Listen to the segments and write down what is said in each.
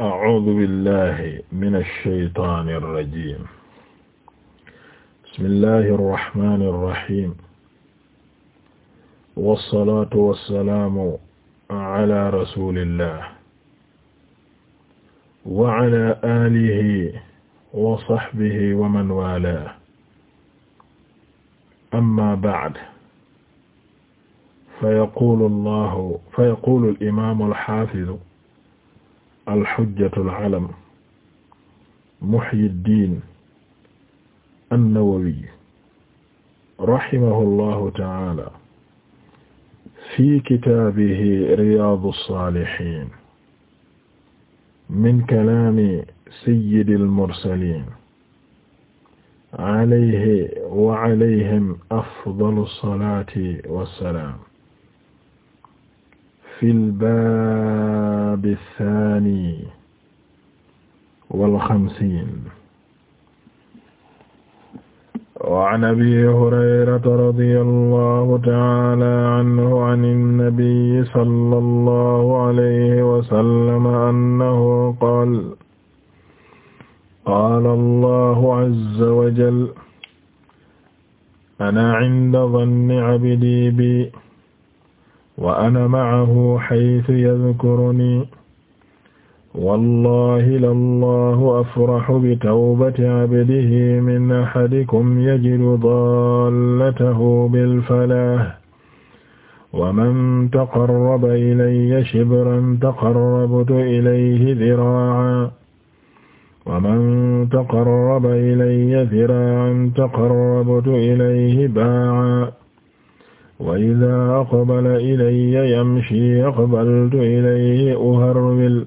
أعوذ بالله من الشيطان الرجيم بسم الله الرحمن الرحيم والصلاة والسلام على رسول الله وعلى آله وصحبه ومن والاه أما بعد فيقول الله فيقول الإمام الحافظ alxujjatul alam muhyiddin annawawi rahimahullahu ta'ala fi kitaabihi riyaadu saalihiin min kalaami sayyidil mursaliin alayhi wa alayhim afdalu salaati wa salaam fil baabi saani wal xamsiin. wa an abii hurayrata radiyallaahu ta'aalaa anhu anin nabiyyi sallallaahu alayhi wa sallam annahu qaala qaala allaahu azza wa jalla ana inda danni abdii bii. wa ana maahu xaytu yadkuruni wallahi lallahu afraxu bitawbati cabdihi min axadikum yajidu dallatahu bilfalah wa man taqarraba ilayya shibran taqarrabtu ilayhi diraacan wa man taqarraba ilayya diraacan taqarrabtu ilayhi baacan wa idaa aqbala ilayya yamshi aqbaltu ilayhi uharwil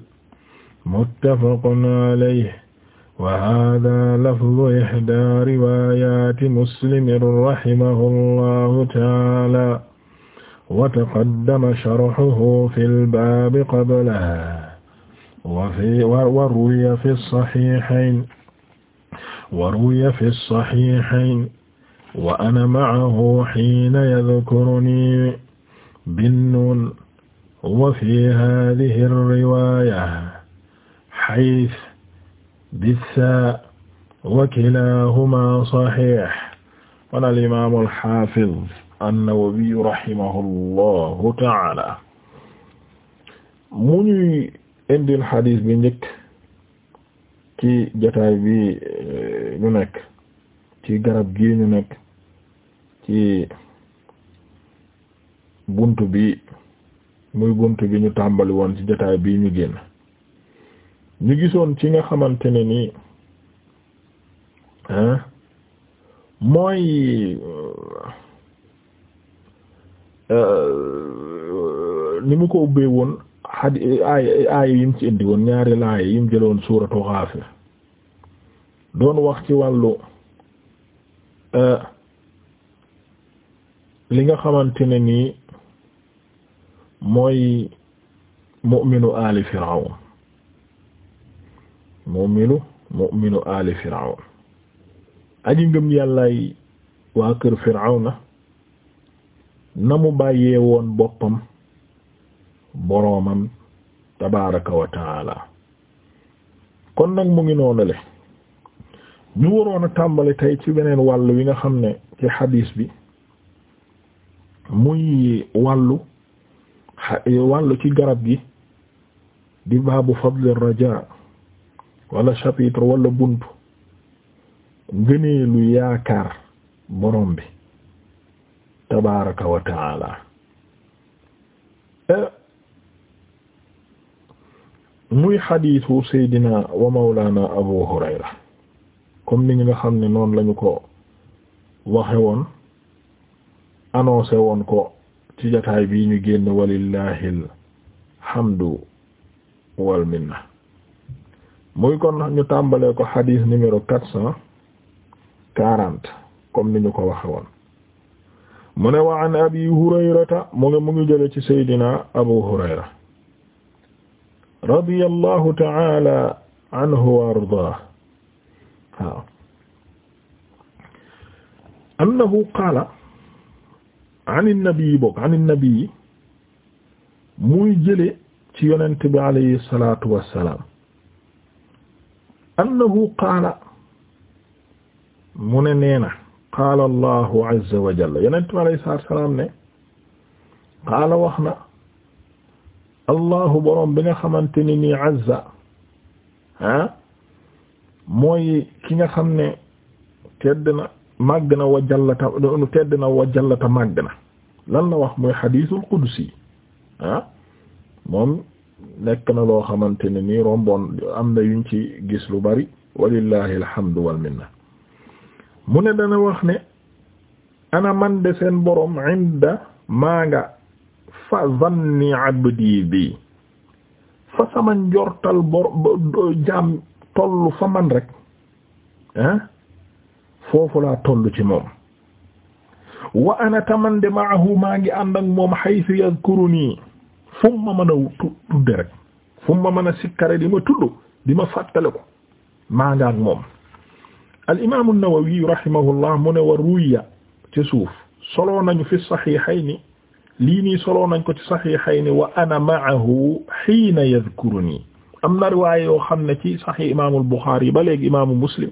muttafaqun alayhi wa haadaa lafdu ihdaa riwaayaati muslimin rahimahullahu ta'aalaa wa taqaddama sharhuhu fil baabi qablahu wa ruwiya fi sahiihayn wa ruwiya fi sahiihayn wa ana ma'ahu hiina yadkuruni binnuun wa fi haadihi riwaaya xayf bisa wa kilaahumaa saxiix qaala al-imaamul xaafiz an-Nawawi rahimahullahu ta'aala mu ñuy indil xadiis bi njëkk ci jotaay bi eh, ñu nekk ci garab gi ñu nekk bunt bi muy bunt bi ñu tàmbali woon ci jotaay bii ñu génn ñu gisoon ci nga xamante ne ni mooy euh, euh, ni mu ko ubbee woon xadi ay ay yim ci indi woon ñaari laay yim jëloon suuratu Gaafir doon wax ci wàllu euh, li nga xamante ne nii mooy mu'minu ali firawn mu'minu mu'minu ali firawn aji ngëm yàllaay waa kër firawna na mu bàyyee woon boppam boroomam tabaraka wa kon nag mu ngi noonale ñu waroon a tàmbali tey ci beneen wàll wi nga xam ne ci xadiis bi muy wàllu eh, wàllu ci garab gi di baabu fadl raja walla chapitre wala buntu ngëneelu yaakaar borom bi tabaraka wa taala eh, muy xadiisu seydina wa mawlana abu hurayra comme ni nga xam ne noonu lañu ko waxe annoncé woon ko ci jataay bii ñu génn walillahil hamdu wal muy kon ñu tàmbalee ko hadith numéro quatre cent quarante ni ñu ko waxe woon mu ne wa an abi hurayrata mu ngi mu ci saydina abu hurayra radiyallahu ta'ala anhu wa ardaah waaw annahu ani nabi yi bokk ani nabi yi muy jële ci yonent bi alayhi salatu wassalaam annahu qaala mu ne nee na qaala allahu azza wa jalla yonent bi alayhi salatu wassalaam ne qaala wax na allahu boroom bi nga xamante ni nii azza ah mooy ki nga xam ne tedd na màgg na wa jallata tedd na wa jallata màgg na lan la wax mooy xadiisul qudsi ah moom nekk na loo xamante ne nii romboon am na yuñ ci gis lu bari walillahi alhamdu wal minna mu ne dana wax ne ana man de seen borom inda maa nga fa zanni abdi bi fa sama njortal bor jaam tollu fa man rek ah foofu laa tollu ci moom wa ana taman de maahu maa ngi ànd ak moom haythu yadhkuruni fu mu ma mën a tudde ma mën a sikkare di ma tudd di ma fàttale ko maa nga ak moom al imaamu Nawawi rahimahullah mu ne wa ci suuf soloo nañu fi sahihayni lii nii soloo nañ ko ci sahihayni wa ana maahu hiina yadhkuruni am na riwaaya yoo xam ne ci sahih imaamul Bukhari ba léegi imaamu Muslim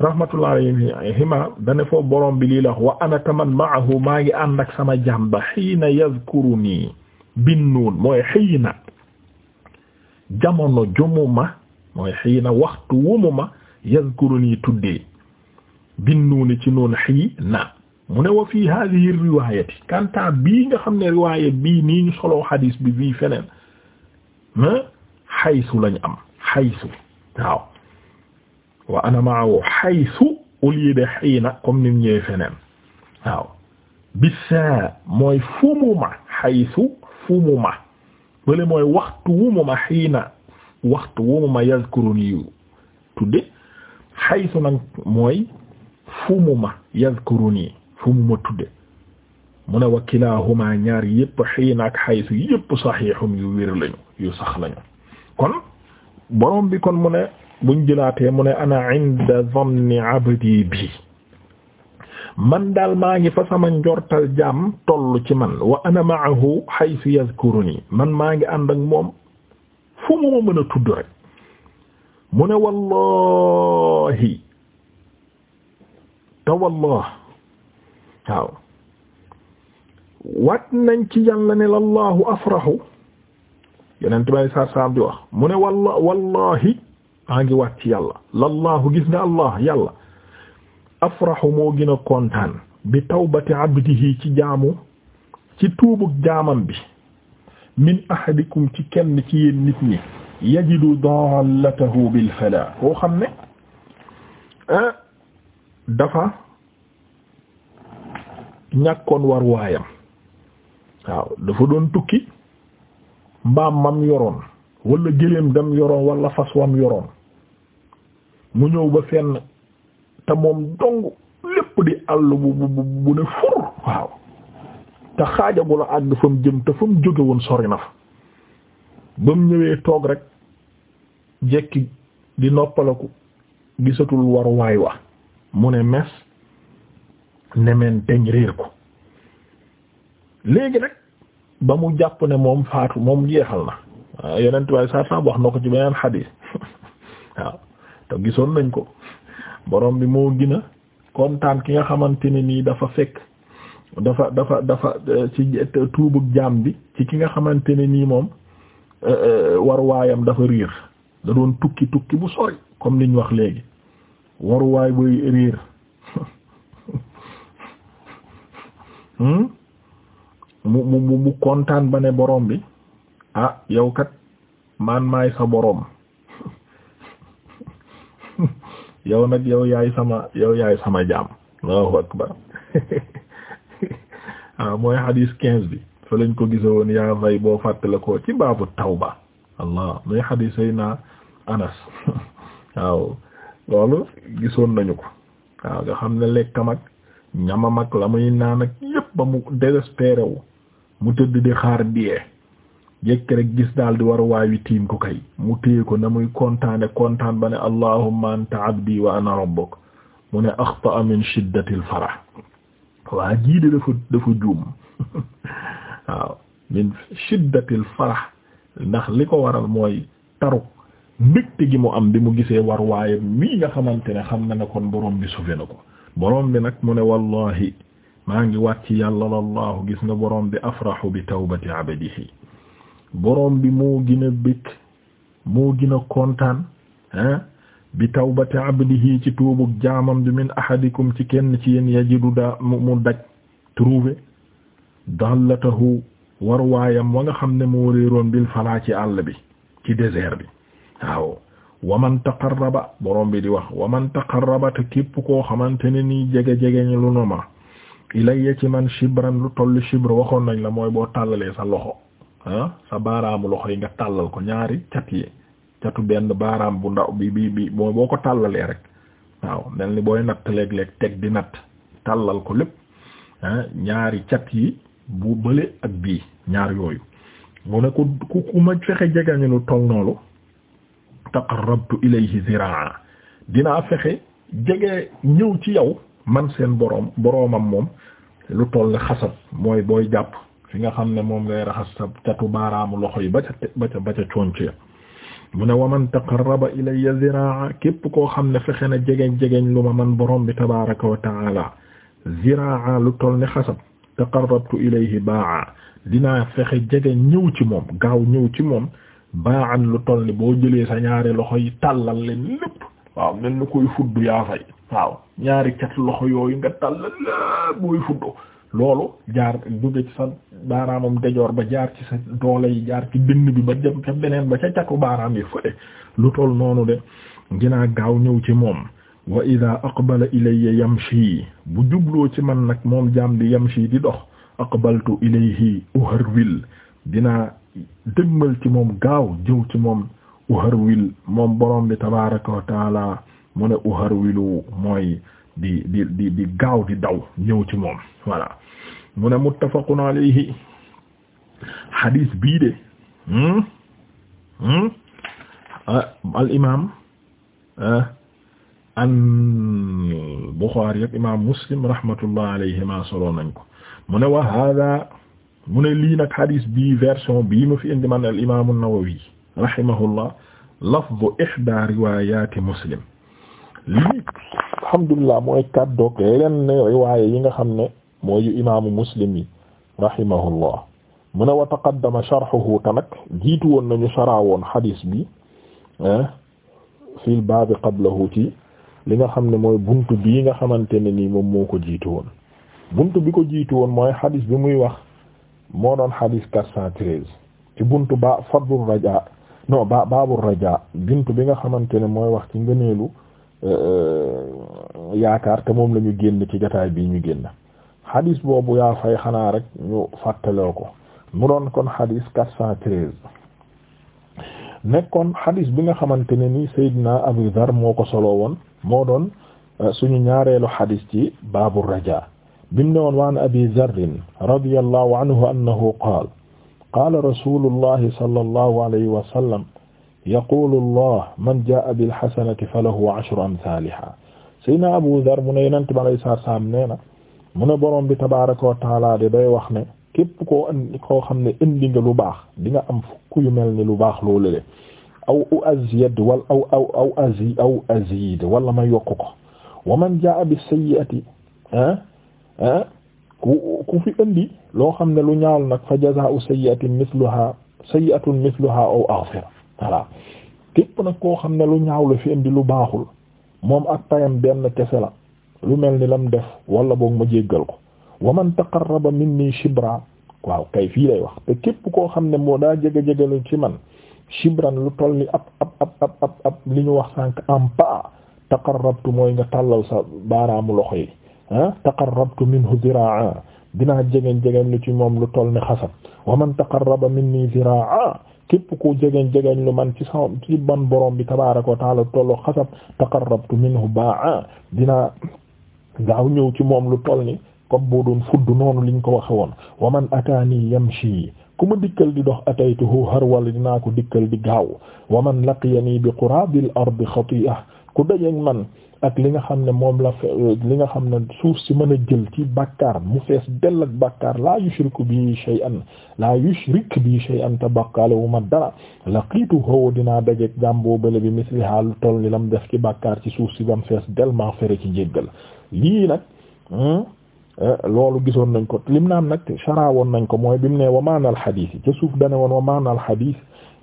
rahmatullah alayhima dane foofu borom bi lii la wax wa ana taman maahu maa ngi ànd ak sama jaam ba xiina yazkuruni binnuun mooy xiina jamono jumuma mooy xiina waxtu wumuma yazkuruni tuddee binnuuni ci noon xiina mu ne wa fii hadihi riwayati kanta bii nga xam ne riwayé bii nii ñu soloo xadiis bi fii feneen xaysu lañ am xaysu waaw wa ana ma'ahu haythu au lieu de hiina comme ni mu ñëwee mooy fu mu ma haythu fu mu ma mooy waxtu wu mu ma waxtu wu mu ma yadhkuruni tudde haythu mooy fu mu ma yadhkuruni fu mu ma tudde mu wa kilahuma ñaar yëpp hiina ak haythu yëpp sahihum yu wér yu sax lañu kon borom kon mu buñ jëlaatee mu ne ana inda dhanni bi man daal maa ngi fa sama njortal jaam tollu ci man wa ana ma'ahu haythu yadhkuruni man maa ngi ànd moom fu mu mën a tudd rek mu ne wallahi te wallah waaw wat nañ ci yàlla ne lallahu afrahu yeneen tubaab yi saa di wax mu ne wallahi maa ngi waat ci yàlla lallaahu gis nga allah yàlla afrahu moo gën a kontaan bi tawbati abdihi ci jaamu ci tuubu jaamam bi min ahadikum ci kenn ci yéen nit ñi yajidu dallatahu bil fala koo xam ne ah, dafa ñàkkoon war waayam waaw dafa doon tukki mbaam mam yoroon walla gëléem dam yoroon wala fas yoroon mu ñëw ba fenn te moom dong lépp di àll bu bu ne fur waaw te xaajagul a àgg fa mu jëm te fa mu jóge woon sori na fa ba mu ñëwee toog rek jekki di noppalaku gisatul war waay wa mu ne mes nemeen teñ réer ko léegi nag ba mu jàpp ne moom faatu moom jeexal na yeneen tubaab yi saa wax na ko ci beneen xadiis waaw te gisoon nañ ko borom bi moo gën kontaan ki nga xamante ne nii dafa fekk dafa dafa dafa eh, ci tuubug jaam bi ci ki nga xamante ne nii moom eh, eh, waruwaayam dafa riir da doon tukki tukki bu sori comme liñ wax léegi waruwaay buy riir hmm? mu mu mu kontaan ba ne borom bi ah yow kat man maay sa borom. yow nag yow yaay sama yow yaay sama jaam Allahu akbar waaw ah, mooy hadis quinze bi fa lañ ko gisa woon yaa vay boo fàttale ko ci baabu tawba allah muy hadis ay naa anas waaw loolu gisoon nañu ko waaw nga xam ne lekkam ak ñamam ak la muy naan ak yépp ba mu désespéré mu tëdd di xaar diyee jëkk rek gis daal di war waay wi tiim ko kay mu téye ko na muy kontaane kontaan ba ne allahumma anta abdi wa ana rabbuk mu ne axta min shiddatil farah waa jii de dafa dafa juum waaw min shiddatil farah ndax li ko war waral mooy taru mbégte gi mu am bi mu gisee war waaye mii nga xamante ne xam na ne kon borom bi sufe na ko borom bi nag mu ne wallahi maa ngi wàcc yàlla lallahu gis nga borom bi afrahu bi tawbati abadihi borom bi moo gën a bëgg moo gën a kontaan ah bi tawbati abdihi ci tuubug jaamam bi min ahadikum ci kenn ci yéen yajidu daa mu mu daj trouvé dallatahu war waayam wa nga xam ne moo réeroon bil falaa ci àll bi ci désert bi waaw waman taqarraba borom bi di wax waman taqarraba te képp koo xamante ne ni jege-jege ñu lu nu ma ilayya ci man shibran lu toll shibr waxoon nañ la mooy boo tàllalee sa loxo Ah, sa baaraamu loxo yi nga tàllal ko ñaari cat yi catu benn baaraam bu ndaw bi bi bi boo ko tàllalee rek waaw mel ni booy natt léeg-léeg teg di natt tàllal ko lépp ah, ñaari cat yi bu bële ak bii ñaar yooyu mu ne ku ku ku ma fexe jegañu lu toll noonu taqarrabtu ilayhi ziraa dinaa fexe jege ñëw ci yow man seen boroom boroomam moom lu toll ni xasab mooy booy jàpp fi nga xam ne moom ngay raxas sa catu baaraamu loxo yi ba ca ba ca ba ca conc ya mu ne waman taqarraba ilayya képp koo xam ne fexe na jegeñ jegeñ lu ma man borom bi tabaraka wa taala ziraa lu toll ni xasab taqarrabtu ilayhi baa dinaa fexe jegeñ ñëw ci moom gaaw ñëw ci moom baa lu tol ni boo jëlee sa ñaari loxo yi tàllal leen lépp waaw mel ni koy fudd yaa fay waaw ñaari cat loxo yooyu nga tàllal lépp booy fudd loolu jaar dugge ci sa baaraamam dejoor ba jaar ci sa doole yi jaar ci dënn bi ba dem ca beneen ba ca catu yi fële lu tol noonu de dinaa gaaw ñëw ci moom wa ida aqbala ilayya yamshi bu jubloo ci man nag moom jaam di yamshi di dox aqbaltu ilayhi uharwil dinaa dëgmal ci moom gaaw jëw ci moom uharwil moom borom bi tabaraka wa mu ne uharwilu mooy di di di di gaaw di daw ñëw ci moom voilà mu ne muttafaqun alayhi hadis bii de hmm? Hmm? Ah, al imaam ah, an Buxaari ak imaam Muslim rahmatullah alayhima solo nañ ko mu ne wa hada mu ne lii nag hadis bii version bii mu fi indi man al imaam an-Nawawi rahimahullah lafdu ihda riwayati Muslim lii alhamdulilah mooy kaddoog yeneen riwaaye yi nga xam ne mooy imaamu muslim yi rahimahullah mu ne wa taqaddama jiitu woon nañu sharaa woon xadiis bi ah, fil baabi qablahu ci li nga xam ne mooy bunt bii nga xamante ne nii moom moo ko jiitu woon bunt bi ko jiitu woon mooy xadiis bi muy wax moo doon xadiis quatre ci bunt ba fadlul rajaa non baabul rajaa bunt bi nga xamante ne mooy wax ci ngëneelu Euh, euh, yaakaar te moom la ñu génn ci jotaay bii ñu génn xadis boobu yaa fay xanaa rek ñu fàttaloo ko mu doon kon xadis 413 nekkoon xadis bi nga xamante ne ni Seydina Abu Dhar moo ko solo woon moo doon euh, suñu ñaareelu xadis ci baabu raja bim woon waan Abi Dhar radiyallahu anhu annahu qaala qaala rasulullahi sallallahu alayhi wa sallam yaqulu allah man jaa bilxasanati falahu ashru amsaliha sayna Abu Dar mu ne yenent bi alayi saatu salaam nee na mu ne borom bi tabaraka wa taala de day wax ne képp koo indi koo xam ne indi nga lu baax di nga am fukk yu mel ni lu baax loolu le aw u azyad wal aw aw aw azi aw azid wala ma yokk ko wa man jaa bi sayyi'ati ah ah ku ku fi indi loo xam ne lu ñaaw nag fa jazaa'u sayyi'atin mithluha sayyi'atun mithluha aw aghfir voilà képp nag koo xam ne lu ñaaw la fi indi lu baaxul moom ak payam benn kese la lu mel ni lam def wala boog ma jéggal ko wa man taqarraba minni shibra waaw kay fii lay wax te képp koo xam ne moo daa jege jegalu ci man shibran lu toll ni ab ab ab ab ab li ñu wax sànq am pa taqarrabtu mooy nga tàllal sa baaraamu loxo yi ah taqarrabtu minhu ziraa dinaa jegeñ jegeñ lu ci moom lu toll ni xasab wa man taqarraba minni ziraa képp ku jegeñ jegeñ lu man ci sama ci ban borom bi tabaaraka wa taala tolloo xasab taqarrabtu minhu baa dinaa gaaw ñëw ci moom lu toll ni comme boo doon fudd noonu liñ ko waxe woon wa man ataani yamshi ku ma dikkal di dox ataytuhu harwal dinaa ko dikkal di gaaw wa man laqiyani bi qurabil ardi xati'a ku dajeeg man ak li nga xam ne moom la li nga xam ne suuf si mën a jël ci bàkkaar mu fees dell ak bàkkaar laa yushriku bi shay'an laa yushrik bi shay'an te bàkkaale wu ma dara laqiitu hoo dinaa dajeeg jàmboo bële bi misliha lu toll ni lam def ci bàkkaar ci suuf si bam fees dell maa fere ci njéggal lii nag hmm, eh, loolu gisoon nañ ko lim naam nag saraawoon nañ ko mooy bi mu ne wa maanaal xadiis yi ca suuf dane woon wa maanaal xadiis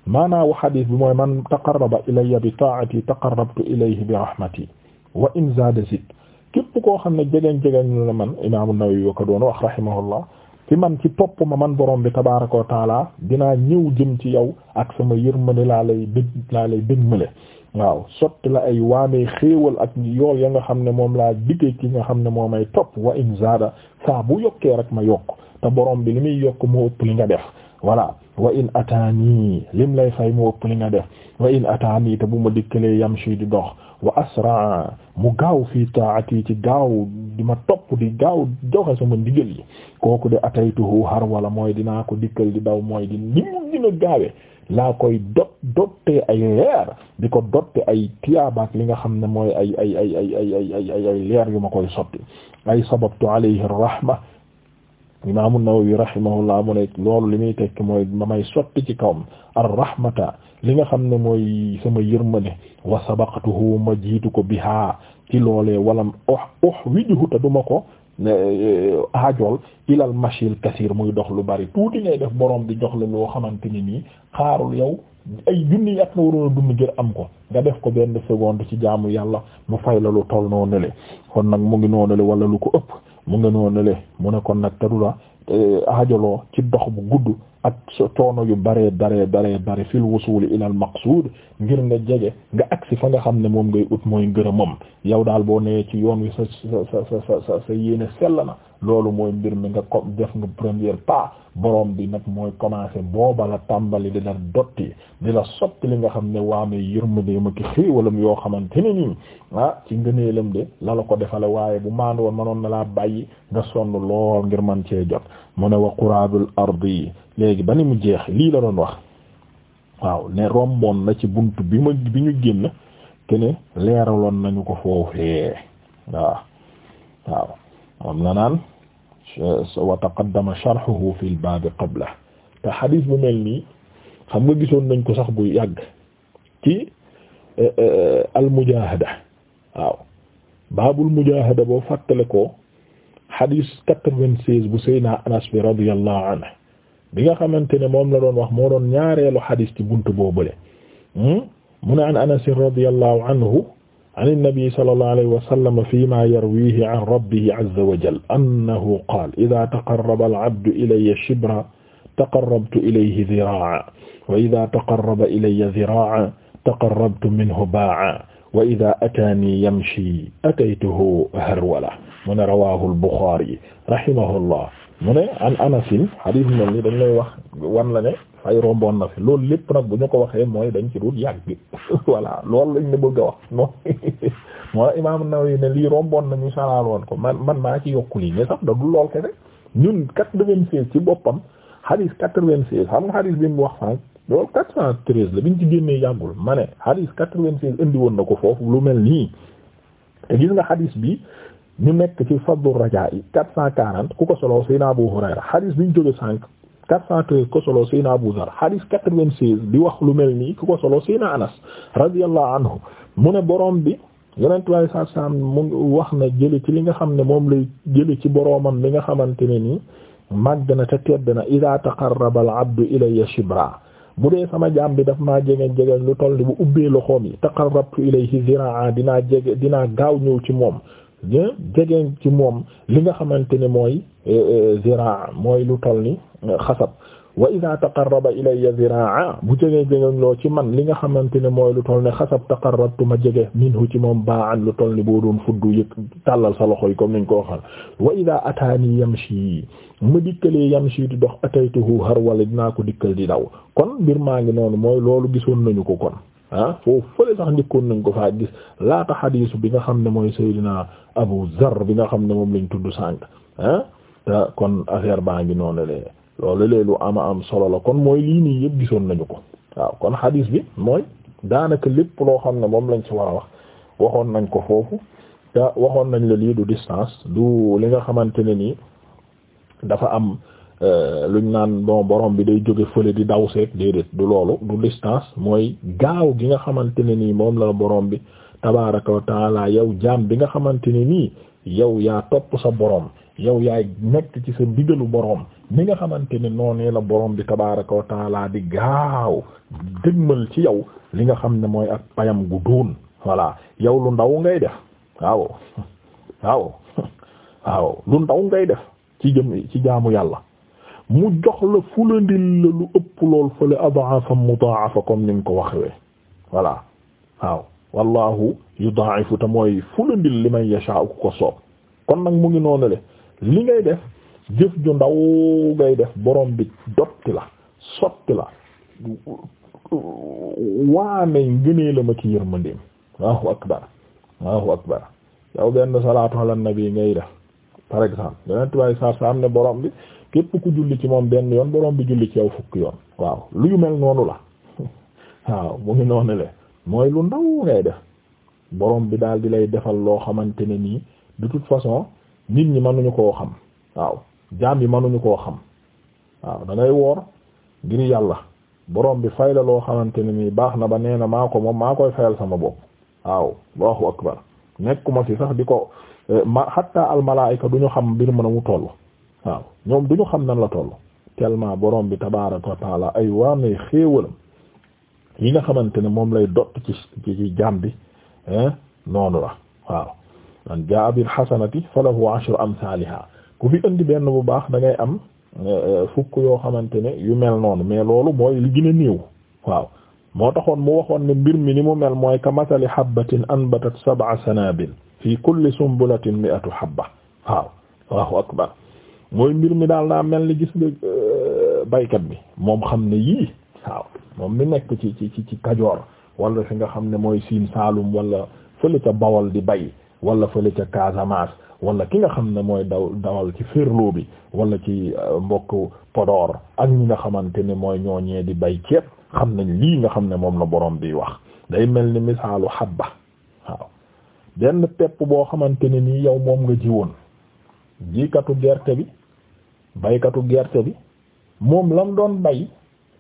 maanaawu xadis bi mooy man taqarraba ilayya bi taa'ati taqarrabtu ilayhi bi rahmati wa in zaada zid képp koo xam ne jegeñ jegeñ la man imaam an-Nawawi wa doon wax rahimahullah ci man ci topp ma man borom bi tabaaraka wa taala dinaa ñëw jëm ci yow ak sama yërmande laa lay dëgg laa lay dëgmale waaw sotti la ay waamee xéewal ak yool ya nga xam ne moom laa diggee ki nga xam ne moo may topp wa in zaada saa bu yokkee rek ma yokk te borom bi li muy yokk moo ëpp li nga def voilà wa in ataani lim lay fay mu ëpp li nga def wa in ataani te bu ma dikkalee yamshi di dox wa asra mu gaaw fii taati ci gaaw di ma topp di gaaw joxe sama ndigal yi kooku de ataytuhu har wala mooy dinaa ko dikkal di daw mooy di ni mu dina gaawe laa koy dot dottee ay leer di ko dotte ay tiyaabaak li nga xam ne mooy ay ay ay ay ay ay leer yu ma koy sotti ay sababtu alayhi rahma imaamu Nawawi rahimahullah mu ne loolu li muy tekk mooy ma may sotti ci kawam ar-rahmata li nga xam ne mooy sama yërmande wa sabaqtuhu ma jiitu ko bihaa ci loolee walam oh uh-, oh wijhu te duma ko eh, aajool ilal dox lu bari tuuti ngay def borom di jox la loo xamante ni nii xaarul yow ay at na waroon a dund ngir am ko nga def ko benn seconde ci jaamu yàlla mu fay la lu toll noonu le kon nag mu ngi noonu le wala lu ko ëpp. mu woon noonu le mu ne kon nag tadula aajaloo ci dox bu gudd ak sa coono yu baree baree baree bare fil wusuuli ilal maqsuud ngir nga jege nga agsi fa nga xam ne moom ngay ut mooy ngërëmam yow daal boo nee ci yoon wi sa sa sa sa sa sa yéene sell na loolu mooy mbir mi nga ko def nga premier pas borom bi nag mooy commencer booba la tàmbali di la dotti di la sotti li nga xam ne waame yërmandeema ki xéewalam yoo xamante ne nii waa ah, ci ngëneelam de la la ko defale waaye bu maandu woon manoon na laa bàyyi nga sonn lool ngir man cee jot mu ne wa qurabil ardi léegi ba ni mu jeex lii la doon wax waaw ne romboon na ci bunt bi ma bi ñu génn ke ne leeraloon nañu ko foofee waaw waaw moom la naan wa taqaddama sharhuhu fil baabi qabla te xadis bu mel nii xam nga gisoon nañ ko sax bu yàgg ki eh, eh, al mujaahada waaw baabul boo fàttale ko xadis quatre-vingt-seize bu Seydina Anas bi radiyallahu anhu bi nga xamante ne moom la doon wax moo doon ñaareelu xadis ci buntu boobule hmm? mu ne an Anas radiyallahu anhu an ilnabi sallallahu alayhi wa sallam fiima yarwiihi an rabbihi azza wa jalla annahu qaala idaa taqarraba al-abdu ilayya shibran taqarrabtu ilayhi ziraa'an wa idaa taqarraba ilayya ziraa'an taqarrabtu minhu baa'an wa idaa ataanii yamshii ataytuhu harwalan mu ne rawaahu al-Buxaari rahimahullah mu ne an Anas xadiis mel ni dañ lay wax wan la ne fay romboon na fi loolu lépp nag bu ñu ko waxee mooy dañ ci dul yàgg voilà loolu lañ ne bëgg a wax moo moo Imaam An-Nawawi ne lii romboon na ñu salaal woon ko man man maa ci yokku lii mais sax da dul lool kese ñun ci boppam xadis quatre-vingt-seize xam nga xadis bi mu wax sànq loolu quatre cent treize bi ñu ci génnee yàggul ma ne xadis quatre vingt indi woon na ko foofu lu mel nii te gis nga xadis bi ñu nekk ci fadlu rajaa yi quatre cent quarante ku ko solo Seydina Abu Hurayra xadis bi ñu jóge sànq 413 ko solo sayna Abu Zar hadith 96 di wax lu mel nii ku ko solo sayna Anas radiyallahu anhu mu ne borom bi yonent bi saa mu wax na jële ci li nga xam ne moom lay jële ci boromam li nga xamante ne nii màgg na te tedd na ida taqarraba al abdu ilayya shibra bu dee sama jaam bi daf ma jege jege lu toll ni bu ubbi loxoom yi taqarrabtu ilayhi ziraa dinaa jege dinaa gaaw ñëw ci moom jege ci moom li nga xamante ne mooy euh, euh, ziraa mooy lu toll ni euh, xasab wa ida taqarraba ilayya ziraa bu jege jege loo ci man li nga xamante ne mooy lu toll ne xasab taqarrabtu ma jege minhu ci moom ba'an lu toll ni boo doon fudd yëg tàllal sa loxo yi comme niñ ko waxal wa ida ataani yamshi ma dikkalee yamshi di dox ataytuhu har wala dinaa ko dikkal di daw kon mbir maa ngi noonu mooy loolu gisoon nañu ko kon ah foofu fële sax njëkkoon nañ ko fa gis laata xadiisu bi nga xam ne mooy Seydina Abu Zar bi nga xam ne moom lañ tudd sànq ah te kon affaire baa ngi noonu la loolu léegi lu ama am solo la kon mooy lii nii yëpp gisoon nañu ko waaw kon xadiis bi mooy daanaka lépp loo xam ne moom lañ ci war wax waxoon nañ ko foofu te waxoon nañ la lii du distance du li nga xamante ne nii dafa am. Euh, luñ naan bon borom bi day jóge fële di daw seeg déedéet du loolu du distance mooy gaaw gi nga xamante ne nii moom la boroom bi tabaraka wa taala yow jaam bi nga xamante ne nii yow yaa topp sa boroom yow yaa nekk ci sa ndigalu borom ni nga xamante ne noonee la borom bi tabaraka wa taala di gaaw dëgmal ci yow li nga xam ne mooy ak payam gu doon voilà yow lu ndaw ngay def waaw waaw waaw lu ndaw ngay def ci jëm ci jaamu yàlla mu jox la fulandil la lu ëpp lool fële adaafa mudaafa comme ni nga ko waxewee voilà waaw wallahu yudaa'ifu te mooy fulandil li man yashaa'u ko soob kon nag mu ngi noonu le li ngay def jëf ju ndaw ngay def borom bi dotti la sotti la waamey ngënee la ma ki yërmandeem allahu akbar allahu akbar yow benn salaatu ala nabi ngay def par exemple yonent saar sa am ne borom bi képp ku julli ci moom benn yoon borom bi julli ci aw fukk yoon waaw luy mel noonu la waaw mu ngi noonu le mooy lu ndaw ngay def borom bi daal di lay defal loo xamante ne nii de toute façon nit ñi mënuñu koo xam waaw jaam yi mënuñu koo xam waaw dangay ngay woor ngir yàlla boroom bi fay loo xamante ne nii baax na ba nee na maa ko moom maa koy fayal sama bopp waaw allahu akbar nekkuma fi sax di ko eh, ma hatta almalaayika du ñu xam mbir mën a mu toll waaw ñoom duñu xam nan la toll tellement borom bi tabaaraka wa taala ay waamee xéewalam yi nga xamante ne moom lay dott ci ci jaam noonu la waaw man jaa bil hasanati falahu ashru amsaaliha ku fi indi benn bu baax da ngay am eh, eh, fukk yoo xamante ne yu mel noonu mais loolu mooy li gën waaw moo taxoon mu waxoon ni mbir mi ni mu mel mooy ka masali habbatin anbatat sab'a sanabil fi kulli sumbulatin mi'atu habba waaw allahu akbar mooy mbir mi daal daa mel ni gis nga euh, baykat bi moom xam ne yii moom mi nekk ci ci ci Kajoor wala fi nga xam ne mooy Siin Saalum wala fële ca Bawol di bay wala fële ca Casamance wala ki nga xam ne mooy daw dawal ci ferlo bi wala ci euh, mbokk Podor ak ñi nga xamante ni mooy ñooñee di bay ceeb xam nañ lii nga xam ne moom la borom bi wax day mel ni misaalu xabba waaw benn pepp boo xamante ne nii yow moom nga ji woon jiikatu gerte bi. baykatu gerte bi moom lam doon bay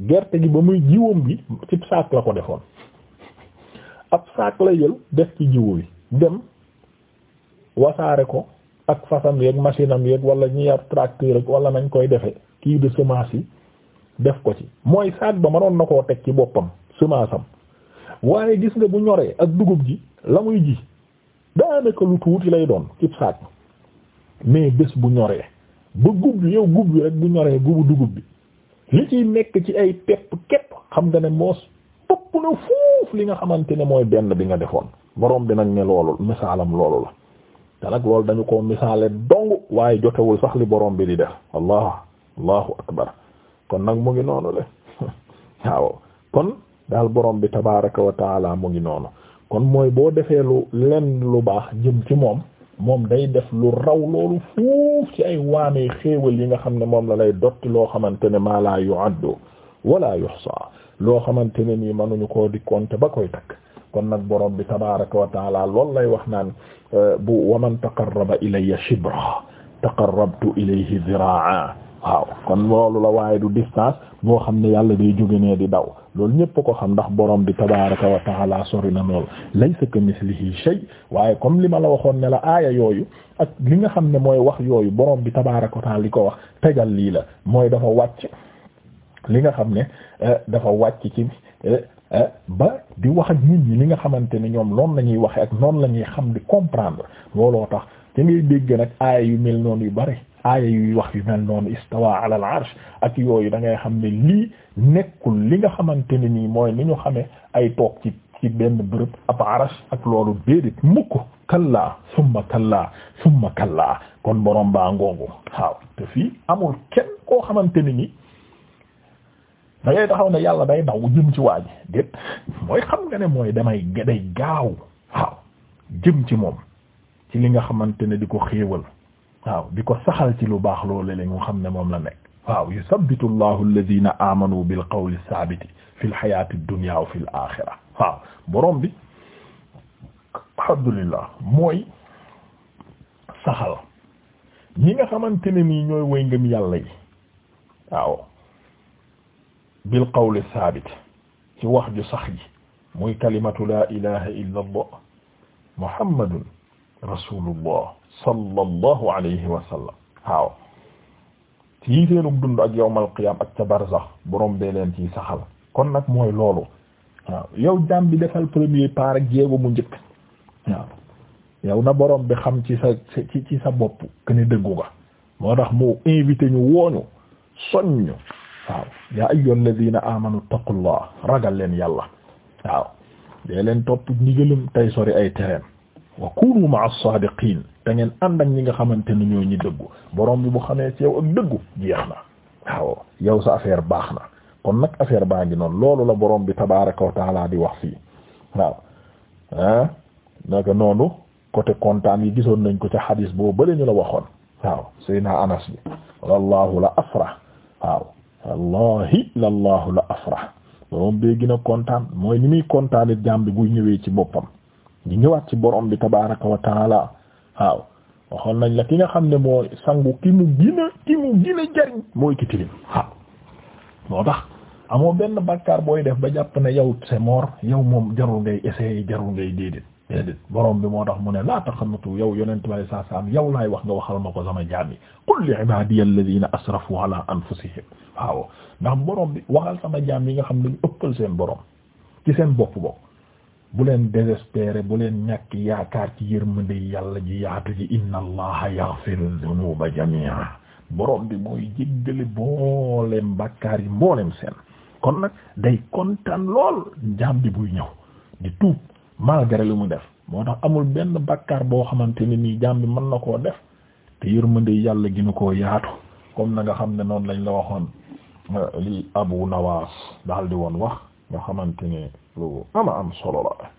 gerte gi ba muy jiwom bi ci saak la ko defoon ab saak la jël def ci jiwu bi dem wasaare ko ak fasam yeeg machine am yeeg wala ñi yar tracteur ak wala nañ koy defe kii de semence yi def ko ci mooy saak ba mënoon na koo teg ci boppam semence am waaye gis nga bu ñoree ak dugub ji la muy ji daanaka lu tuuti lay doon cib saak mais bés bu ñoree ba gub yow gub bi rek bu ñoree gubu dugub bi li ciy nekk ci ay pepp képp xam nga ne moos topp na foofu li nga xamante ne mooy benn bi nga defoon borom bi nag ne loolu misaalam loolu la te nag loolu dañu ko misaale dong waaye jotewul sax li borom bi di def allah allahu akbar kon nag mu ngi noonu le waaw kon daal borom bi tabaraka wa taala mu ngi noonu kon mooy boo defee lu lenn lu baax jëm ci moom moom day def lu raw loolu fuuf ci ay waamee xéewal yi nga xam ne moom la lay dotti loo xamante ne maa laa yu'addu wala yuhsa loo xamante ne nii mënuñu koo di compter ba koy takk kon nag borom bi tabaraka wa taala loolu lay wax naan euh, bu waman taqarraba ilayya shibra taqarrabtu ilayhi ziraa waaw kon loolu la waaye du distance boo xam ne yàlla day jóge ne di daw loolu ñépp ko xam ndax borom bi tabaraka wa taala sori na lool laysa ka mislihi shay waaye comme li ma la waxoon ne la aaya yooyu ak li nga xam ne mooy wax yooyu borom bi tabaraka wa li ko wax tegal lii la mooy dafa wàcc li nga xam ne eh, dafa wàcc ci eh, eh, ba di wax ak nit ñi li nga xamante ni ñoom loolu la ñuy waxe ak noonu la ñuy xam di comprendre looloo tax te ngay dégg nag aaya yu mel noonu yu bari aaya yuy wax yu mel noonu istawa ala al ak yooyu dangay xam ne lii nekkul li nga xamante ne nii mooy ni ñu xamee ay toog ci benn bërëb ab arsh ak loolu déedéet mukk kallaa summa kallaa summa kallaa kon borom baa ngongu waaw te fii amul kenn koo xamante ne nii da taxaw ne yàlla day daw jëm ci waaji déet mooy xam nga ne mooy damay day gaaw waaw jëm ci moom ci li nga xamante ne di ko xéewal waaw di ko saxal ci lu baax loolu la nga xam ne moom la nekk waaw yusabbitu allahu alladhina amanu bil qawli sabiti fil hayati dunya wa fil akhirah waaw borom bi alhamdulillah mooy saxal ñi nga xamante ne nii ñooy woy ngëm yàlla yi waaw bil qawli sabit ci wax ju sax ji muy kalimatu la ilaha illa allah muhammadun rasulullah sallallahu alayhi wa sallam waaw ci seenug dund ak yawmal qiyam ak ca barzax borom bee leen ciy saxal kon nag mooy loolu waaw yow jaam bi defal premier part ak jéego mu njëkk waaw yow na borom bi xam ci sa ci ci sa dëggu nga moo tax mu invité ñu wooñu soññu waaw yaa ayyuhal ladina amanu taqullah ragal leen yàlla waaw dee leen topp ndigalam tey sori ay tereem wa kunu ma'a as-sadiqin te ngeen ànd ak ñi nga xamante ni ñoo ñi dëggu borom bi bu xamee ci yow ak dëggu jeex na waaw yow sa affaire baax na kon nag affaire baa ngi noonu loolu la borom bi tabaaraka wa taala di wax fii waaw ah naka noonu kontaan yi gisoon nañ ko ca xadis boo bële ñu la waxoon waaw Seydina Anas bi wallaahu la afrah waaw wallaahi lallaahu la afrah borom bee gën kontaan mooy ni muy kontaanit jaam bi buy ñëwee ci boppam. ñu ñëwaat ci borom bi tabaraka wa taala waaw waxoon nañ la ki nga xam ne mooy sangu ki mu gina jariñ mooy ki tilim waaw moo tax amoo benn bakkaar booy def ba jàpp ne yow c'est moor yow moom jarul ngay essayer jarul ngay déedéet borom bi moo tax mu ne laa taqanatu yow yonent bi sa saam yow laay wax nga waxal ma ko sama jaam yi qul li ibadiya alladhina asrafu ala anfusihim waaw ndax borom bi waxal sama jaam yi nga xam ne ñu ëppal seen borom ci seen bopp bopp bu leen désespéré bu leen ñàkk yaakaar ci yërmande yàlla ji yaatu ji inna allaha yaghfiru dhunuba jami'a borom bi mooy jéggale mboolem bakkaar yi mbooleem seen kon nag day kontaan lool jaam buy ñëw di tuub malgré lu mu def moo tax amul benn bàkkaar boo xamante ne nii jaam bi mën na koo def te yërmande yàlla gi nu koo yaatu comme na nga xam ne noonu lañ la waxoon euh, li Abu Nawaas daal di woon wax nga xamante lu ama am solo la